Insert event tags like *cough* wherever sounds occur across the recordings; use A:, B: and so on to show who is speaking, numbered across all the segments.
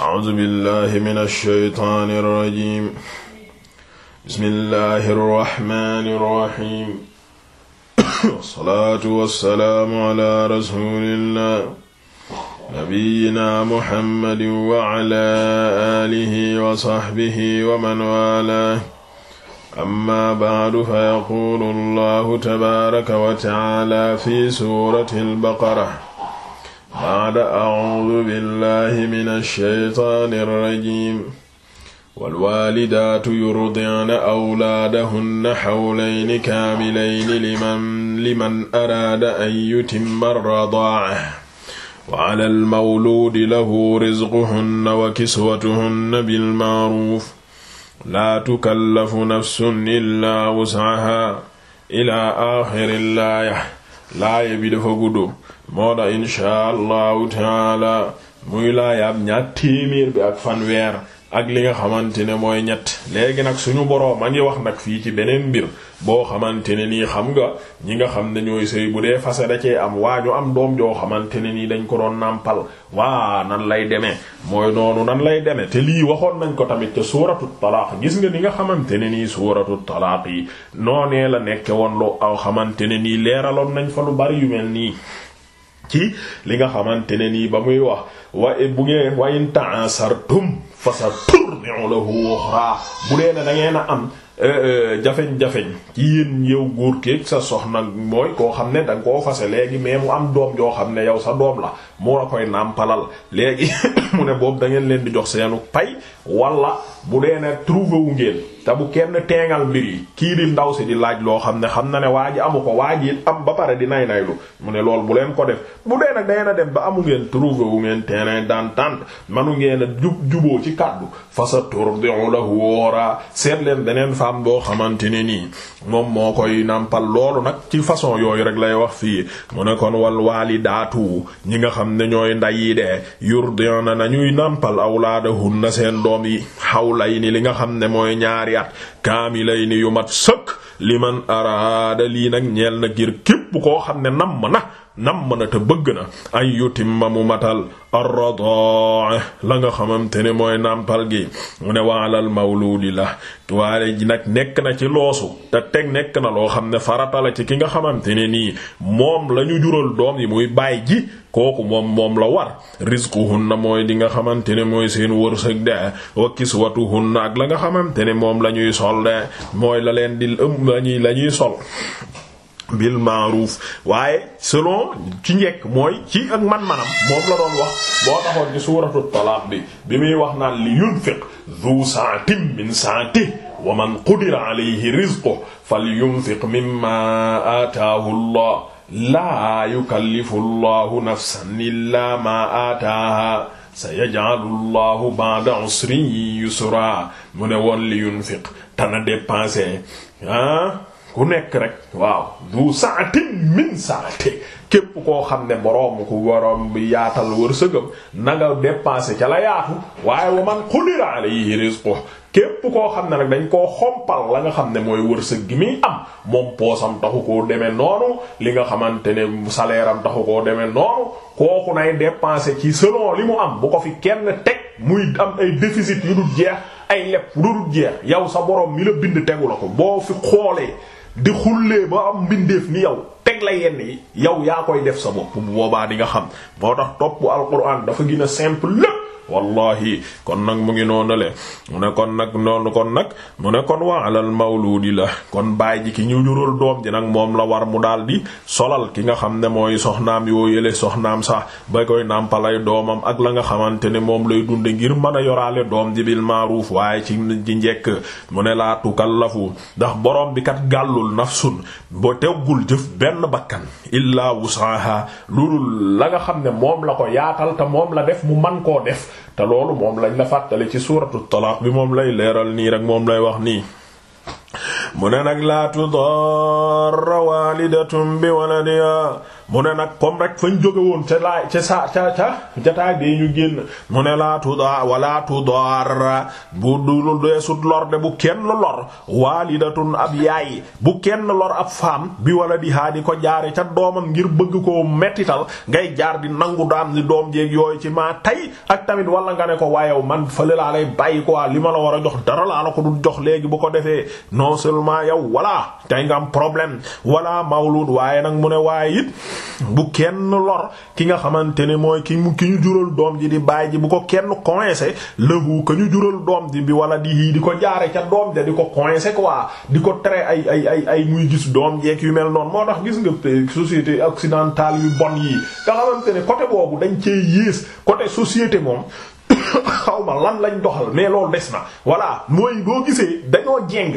A: A'uuzu billaahi mina shaytaani rajiim. Bismillaahi rahmaani rahiim. Salaatu wa salaamu alaa rasuulillaah. Nabiyyinaa Muhammadin wa alaa aalihi wa sahbihi wa man waalaah. Ammaa ba'du fayaquulu Allaahu tabaaraka wa ta'aalaa fi suuratil Baqara. baada audu billahi min alsheytaani alrajim walwalidaatu yurdi'na awlaadahunna xawlayni kaamilayni liman liman araada an yutimma radaa'a wa ala almawluudi lahu rizquhunna wa kiswatuhunna bilma'ruuf laa tukallafu nafsun illaa wus'ahaa ilaa aaxiri laaya laaya bi dafa gudd moo tax inshaa allahu taala muy laayaab ñaar téeméer bi ak fanweer ak li nga xamante ne mooy ñett léegi nag suñu boroom a ngi wax nag fii ci beneen mbir boo xamante ne nii xam nga ñi nga xam ne ñooy sëy bu dee fase da cee am waa ñu am doom joo xamante ne nii dañ ko doon nàmpal waa nan lay demee mooy noonu nan lay demee te lii waxoon nañ ko tamit ca suuratu talaaq gis nga ni nga xamante ne nii suuratu talaaq yi noonee la nekke woon lu aw xamante ne nii leeraloon nañ fa lu bari yu mel nii ci li nga xamante ne nii ba muy wax wa bu ngeen wa in fa sa turdi'u lahu ukhra bu dee ne da ngeen a am euh, euh, jafeñ-jafeñ ci yéen yow góor keeg sa soxna mooy koo xam ne da koo fase léegi mais mu am doom joo xam ne yow sa doom la moo la koy nàmpalal léegi *coughs* mu ne boobu da ngeen leen di jox seenu pay wala bu dee ne trouvé wu ngeen te bu kenn teengal mbir yi kii di ndaw si di laaj loo xam ne xam na ne waa ji amu ko waa ji it am ba pare di nay naylu mu ne lool bu leen ko def bu dee nag day na dem ba amu ngeen trouvé wu ngeen daan d'entente manu ngeen a jub juboo ci kàddu fasa la lahu wooraa seet leen beneen femme boo xamante ne nii moom moo koy nàmpal loolu nag ci façon yooyu rek lay wax fii mu ne kon wal daatu ñi nga xam ne ñooy nday yi de yurdi'na nañuy nàmpal awlaadahunna seen yi hawlayni li nga xam ne mooy ñaari at kaamilayni yu mat sëkk liman araada lii nag ñeel na ngir képp képp koo xam ne nam na nam na te bëgg na ay yutimma mu matal arradaa la nga xamante ne mooy nàmpal gi mu ne waalal mawluudi la waaye ji nag nekk na ci loosu te teg nekk na loo xam ne farata la ci ki nga xamante ne nii moom la ñu jural doom yi muy baay ji kooku moom moom la war rizquhunna mooy li nga xamante ne mooy seen wërsëg de wa kiswatuhunna ak la nga xamante ne moom la ñuy sol de mooy la leen di ëmb la ñuy la sol bil ma'ruf waaye selon ci njekk mooy ci ak man-manam moom la doon wax boo taxoon ci suuratu talaaq bi bi muy wax naan li yunfiq zu sa'atin min sa'atihi wa man qudira alayhi rizquhu falyunfiq mimma aataahu allah laa yukallifu allahu nafsan illaa maa aataaha sayaj'alu llahu ba'da usrin yusra mu ne woon li yunfiq tana dépenser ah ku nekk rek waaw du saatin min saati képp koo xam ne boroom ku waroom bi yaatal wërsëgam na nga dépenser ca la yaatu waaye wa man qudira alayhi rizqu képp koo xam ne nag dañ koo xompal la nga xam ne mooy wërsëg gi muy am moom taxu koo demee noonu li nga xamante ne salaire am taxu koo demee noonu kooku nay dépenser ci selon li mu am bu ko fi kenn teg muy am ay déficit yu dul jeex ay lepp lu dul jeex yow sa boroom mi la bind tegu la ko boo fi xoolee di xullee ba am mbindeef ni yow teg la yenn yi yow yaa koy def sa bopp bu boobaa di nga xam boo tax topp alquran dafa gën a simple lépp wallahi kon nag mu ngi noonale mu ne kon nag noonu kon nag mu ne kon wa alal mawludi la kon baay ji ki ñu jurul doom ji nag moom la war mu daal di solal ki nga xam ne mooy soxnaam yoo yële soxnaam sax ba koy nàmpalay doomam ak la nga xamante ne moom lay dunde ngir mën a yoraale doom ji bil maaruuf waaye ci ji njekk mu ne laa tukallafu ndax borom bi kat gàllul nafsun ba teggul jëf benn bakkan illaa wusaaha loolu la nga xam ne moom la ko yaatal te moom la def mu man koo def te loolu moom lañ la fàttali ci suuratu talaaq bi moom lay leeral nii rek moom lay wax nii mu ne nag laa tudarra waalidatun bi waladiha mu ne nag comme rek fañ jóge woon ca laa ca sa ca ca jataay bee ñu génn mu ne laa tuda wala tudar bu dul deesut lor de bu kenn lor waalidatun ab yaay bu kenn lor ab faam bi wala di haa di ko jaare ca doomam ngir bëgg ko mettital ngay jaar di nangu daam ni doom jeeg yooyu ci maa tey ak tamit wala nga ne ko waayow man fële laa lay bàyyi ko li ma la war a jox dara laa la ko dul jox léegi bu ko defee non seulement yow wala tey problème wala mawlud waaye nag mu ne waaye bu kenn lor ki nga xamante ne mooy ki mu ki ñu jural doom ji di baay ji bu ko kenn coincé lëhu ka ñu jural doom ji bi wala di yii di ko jaare ca doom ja di ko coincé quoi di ko tere ay ay ay ay muy gis doom jeeg yu mel noonu moo tax gis nga société occidentale yu bon yii nga xamante ne côté boobu dañ cee yées côté société moom *laughs* xaw ma lan lañ doxal mais loolu des na voilà mooy boo gisee dañoo jéng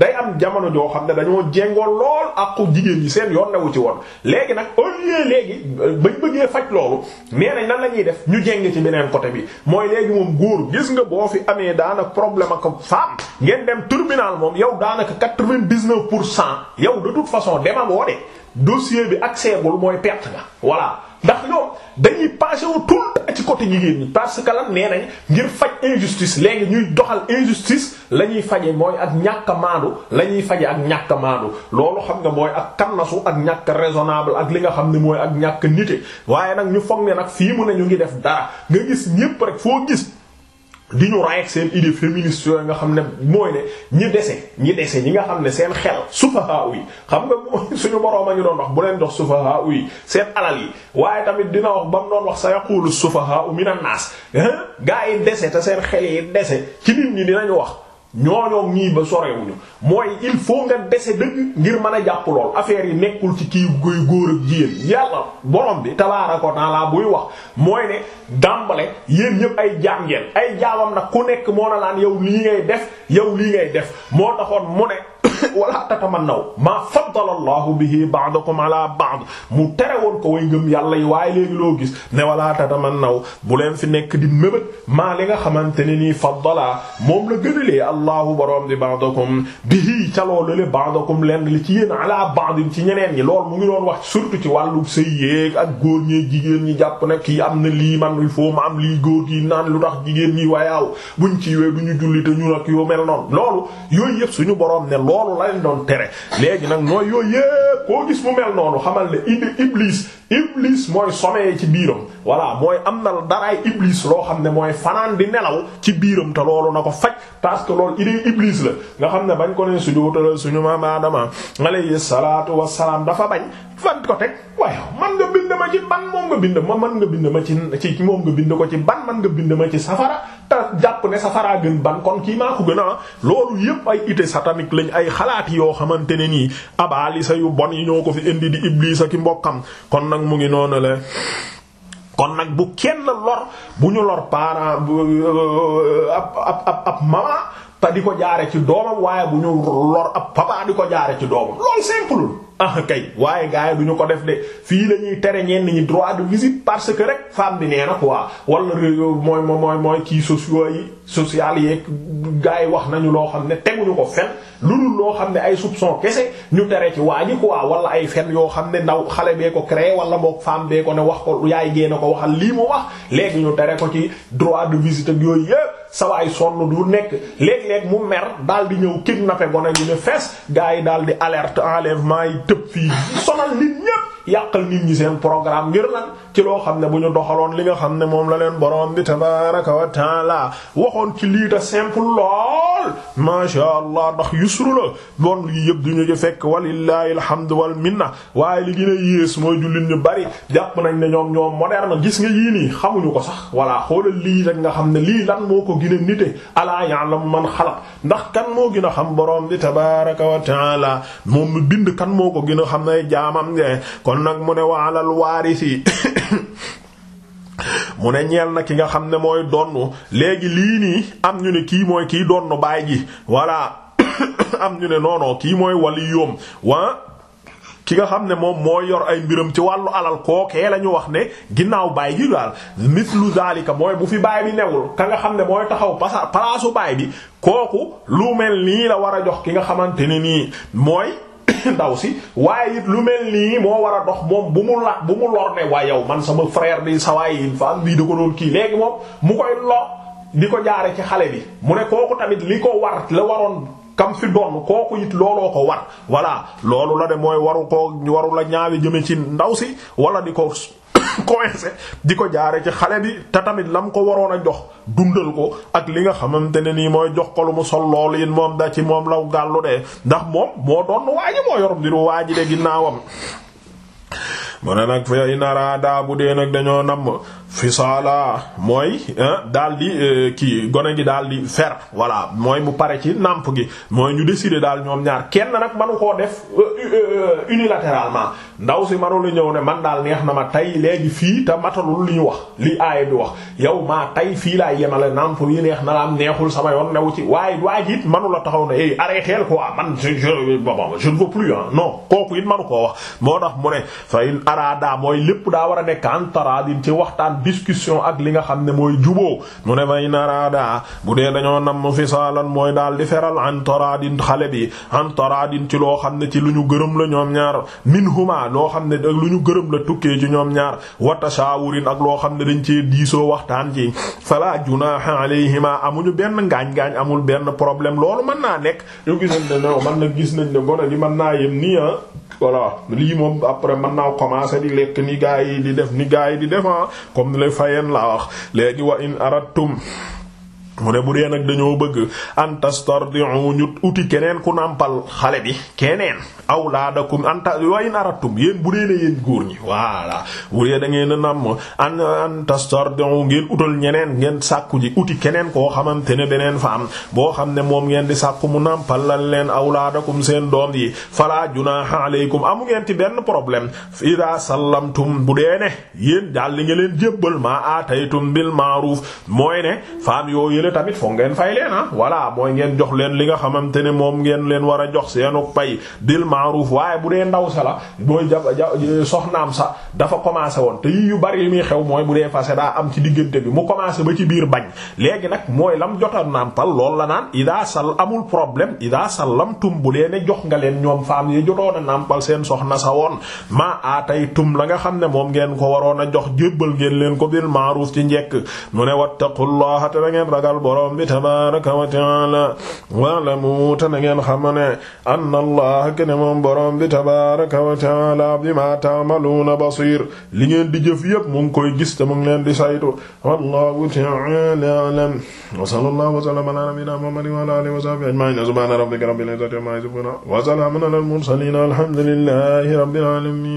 A: day am jamono joo xam ne dañoo jéngoo lool àqu jigéen ñi seen yoon newu ci woon léegi nag au lieu léegi bañ bëggee faj loolu nee nañ nan la ñuy def ñu jéng ci beneen côté bi mooy léegi moom góor gis nga boo fi amee daanaka problème ak femme ngeen dem tribunal moom yow daanaka quatre vingt dix pour cent yow de toute façon dema boo de dossier bi accès bul mooy perte nga voilà ndax dañuy passé wu tout le temps ci côté jigéen ñi parce que lan nee nañ ngir faj injustice léegi ñuy doxal injustice la ñuy faje mooy ak ñàkk maandu la ñuy faje ak ñàkk a maandu loolu xam nga mooy ak kannasu ak ñàkk raisonnable ak li nga xam ne mooy ak ñàkk nite waaye nag ñu foog ne nag fii mu ne ñu ngi def dara nga gis ñépp rek foo gis di ñu raay ak seen idée féministe yooyu nga xam ne mooy ne ñi dese ñi dese ñi nga xam ne seen xel sufaha yi xam nga mooy *laughs* suñu boroom a ñu doon wax bu leen dox sufaha yi seen alal yi waaye tamit dina wax ba mu doon wax sa yaqulu sufaha minan nas gaa yi dese te seen xel yi dese ci nit ñi dinañu wax ñooñoo ñii ba sorewuñu mooy il foo nga dese dëgg ngir mën a jàpp lool affaire yi nekkul ci kii guy góor ak jigéen yàlla borom bi tabaaraka wa taala buy wax mooy ne dàmbale yéen ñëpp ay jaam ay jaamam nag ku nekk moo na laan yow lii ngay def yow lii ngay def moo taxoon mu ne *laughs* wala tatamannaw maa faddala allahu bihi ba'dakum ala ba'd mu tere woon ko way ngëm yàlla waaye léegi loo gis ne man tatamannaw bu leen fi nekk di mébét maa li nga xamante ne nii faddala moom la gënalee allahu borom di ba'dakum bihi ca loolu le ba'dakum lenn li ci yéen ala ba'd ci ñeneen ñi loolu mu ngi doon wax surtout ci wàllu sëy yeeg ak góor ñee jigéen ñi jàpp ne kii am na lii man il faut ma am lii góor gi naan lu tax jigéen ñi waayaaw buñ ci wee duñu julli te ñu nak yo mel noonu yëpp suñu borom ne loolu doon tere léegi nag nooy yooyu yépp koo gis mu mel noonu xamal ne indi iblis iblis mooy sommeil ci biiram voilà mooy am na daraay iblis loo xam ne mooy fanaan di nelaw ci biiram te loolu na ko faj parce ko lool idée iblis la nga xam ne bañ ko suñu sujjóotalal suñu maam Aadama alayhi salaatu wassalaam dafa bañ fan ko teg waaye ci ban moom nga bind ma man nga bind ma ci ci moom nga bind ko ci ban man nga bind ma ci safara te jàpp ne safara gën ban kon kii maa ko gën a loolu yépp ay idées sataniques lañ ay xalaat yoo xamante ne nii abaalisa yu bon yi ñoo ko fi indi di Iblis ak mbokkam kon nag mu ngi noonu la kon nag bu kenn lor bu ñu lor parent euh, ab ab ab te di ko jaare ci doomam waaye bu ñu lor ab papa di ko jaare ci doomam loolu simple. ah kay waaye gars yi du ñu ko def de fii la ñuy tere ñenn ñi droit de visite parce que rek femme bi nee na quoi wala mooy mooy mooy kii sociaux yi social yeeg gars yi wax nañu loo xam ne teguñu ko fen lu dul loo xam ne ay soupçon kese ñu tere ci waa ji quoi wala ay fen yoo xam ne ndaw xale bee ko créé wala boog femme bee ko ne wax ko yaay génne ko waxal lii mu wax léegi ñu tere ko ci droit de visite ak yooyu yépp sawaay sonn du nekk léeg-léeg mu mer daal di ñëw kidnappé gone gi ne fees gars yi daal di alerte en enlèvement yi tëb fii sonal nit ñépp yàqal nit ñi seen programme ngir lan ci loo xam ne bu ñu doxaloon li nga xam ne moom la leen borom bi tabaraka wa taala waxoon ci lii ta simple loo lool maasha allah ndax yusru la bon lii yëpp duñu ci fekk walillahi alhamdu wal minna waaye li gën a yées mooy jullit ñu bari jàpp nañ na ñoom ñoom moderne gis nga yii nii xamuñu ko sax voilà xoolal lii rek nga xam ne lii lan moo ko gën a nite alaa ya'lamu man xalaq ndax kan moo gën a xam boroom di tabaraka wa taala moom mi bind kan moo ko gën a xam ne jaamam ne kon nag mu ne wa alal waarisi mu ne ñeel na ki nga xam ne mooy donn léegi lii nii am ñu ne kii mooy kiy donn baay ji voilà *coughs* am ñu ne noonon kii mooy wali yoom wa ki nga xam ne moom moo yor ay mbiram ci wàllu alal kookee la ñu wax ne ginnaaw baay ji daal mislu zalika mooy bu fi baay bi newul ka nga xam ne mooy taxaw pasa palaasu baay bi kooku lu mel nii la war a jox ki nga xamante ne nii mooy *laughs* ndaw si waaye it lu mel nii moo war a dox moom bu mu la bu mu lor ne waa yow man sama frère bi sa waay femme bii da ko doon kii léegi moom mu koy lo di ko jaare ci xale bi mu ne kooku tamit li ko war la waroon kam fi doon kooku it looloo ko war voilà loolu la de mooy waru koo waru la ñaawe jëme ci ndaw si wala di ko *laughs* commencé di ko jaare ci xale bi te tamit lam ko waroon a jox dundal ko ak li nga xamante ne nii mooy jox ko lu mu sol lool yéen moom da ci moom law gàllu de ndax moom moo doon waaji moo yor mbiru waaji de ginnaawam mu ne nag fa in araada bu dee nag dañoo namm fisaala mooy daal di euh, kii gone gi daal di fer voilà mooy mu pare ci nàmp gi mooy ñu décider daal ñoom ñaar kenn nag manu koo def euh, euh, unilatéralement ndaw si manu ñëw ne man daal neex na ma tey léegi fii te matalul li ñu wax li aaya bi wax yow maa tey fii laay yemale nàmp yi neex na la am neexul sama yoon newu ci waaye waa ji it manu la taxaw ne eh arrêté quoi man je je je ne veux plus ah non kooku it manu araada mooy lépp daa war a nekk antaraadin ci waxtaan discussion ak li nga xam ne mooy juboo mu ne may naraada bu dee dañoo nam fi saalan mooy daal di feral antaraadin xale bi antaraadin ci loo xam ne ci lu ñu gërëm la ñoom ñaar minhuma loo xam ne lu ñu gërëm la tukkee ci ñoom ñaar wa tashaawurin ak loo xam ne dañ ci diisoo waxtaan ci fala junaaha alayhima amuñu benn ngaañ-ngaañ amul benn problème loolu mën naa nekk yu gisañ ne mën na gis nañ ne gone li naa yem ah. voilà lii moom après mën naa commencé di lekk ni gaa yi di def ni gaa yi di def ah. comme fa fayen laa wax léegi wa in aratum mu ne bu nag dañoo bëgg an tastardiu ñu keneen ku nàmpal xale bi keneen awlaadakum anta wayn aratum yéen bu góor ñi voilà bu dee da ngeen a an an tastardiu ngeen utal ñeneen ngeen sàkku ji uti keneen koo xamante ne beneen fa am boo xam ne moom ngeen di sàkku mu nàmpal lan leen awlaadakum seen doom yi fala junaha aleykum amu ngeen ci benn problème ida sallamtum bu dee ne yéen daal li nga leen jébbal maa aataytum bil ma'ruf mooy ne fam yooyu jële tamit foog ngeen fay leen ah voilà mooy ngeen jox leen li nga xamante ne moom ngeen leen war jox seenu pay dil ma'ruf waaye bu dee ndaw sa la mooy ja soxnaam sa dafa commencé woon te yu bari li muy xew mooy bu dee fase daa am ci diggante bi mu commencé ba ci biir bañ léegi nag mooy lam jotoon naan pal loolu la naan ida sal amul problème ida sallamtum bu lee ne jox nga leen ñoom femme yi jotoon a nàmpal seen soxna sa woon maa aataytum la nga xam ne moom ngeen ko waroon a jox jébbal ngeen leen ko bil ma'ruf ci njekk mu ne wattaqullaha te ngeen ragal ragal borom bi tabaaraka wa taala wa'lamu te na ngeen xam ne anna allah kene moom borom bi tabaaraka wa taala bima ta'maluuna basiir li ngeen di jëf yépp mu ngi koy gis te mu ngi leen di saytu wallahu ta'ala a'lam wa sallallahu wa sallama ala nabiyyina muhammadin wa ala alihi wa sahbihi ajma'in subhana rabbika rabbil izzati amma yasifun wa salamun ala al mursalin alhamdulillahi rabbil alamin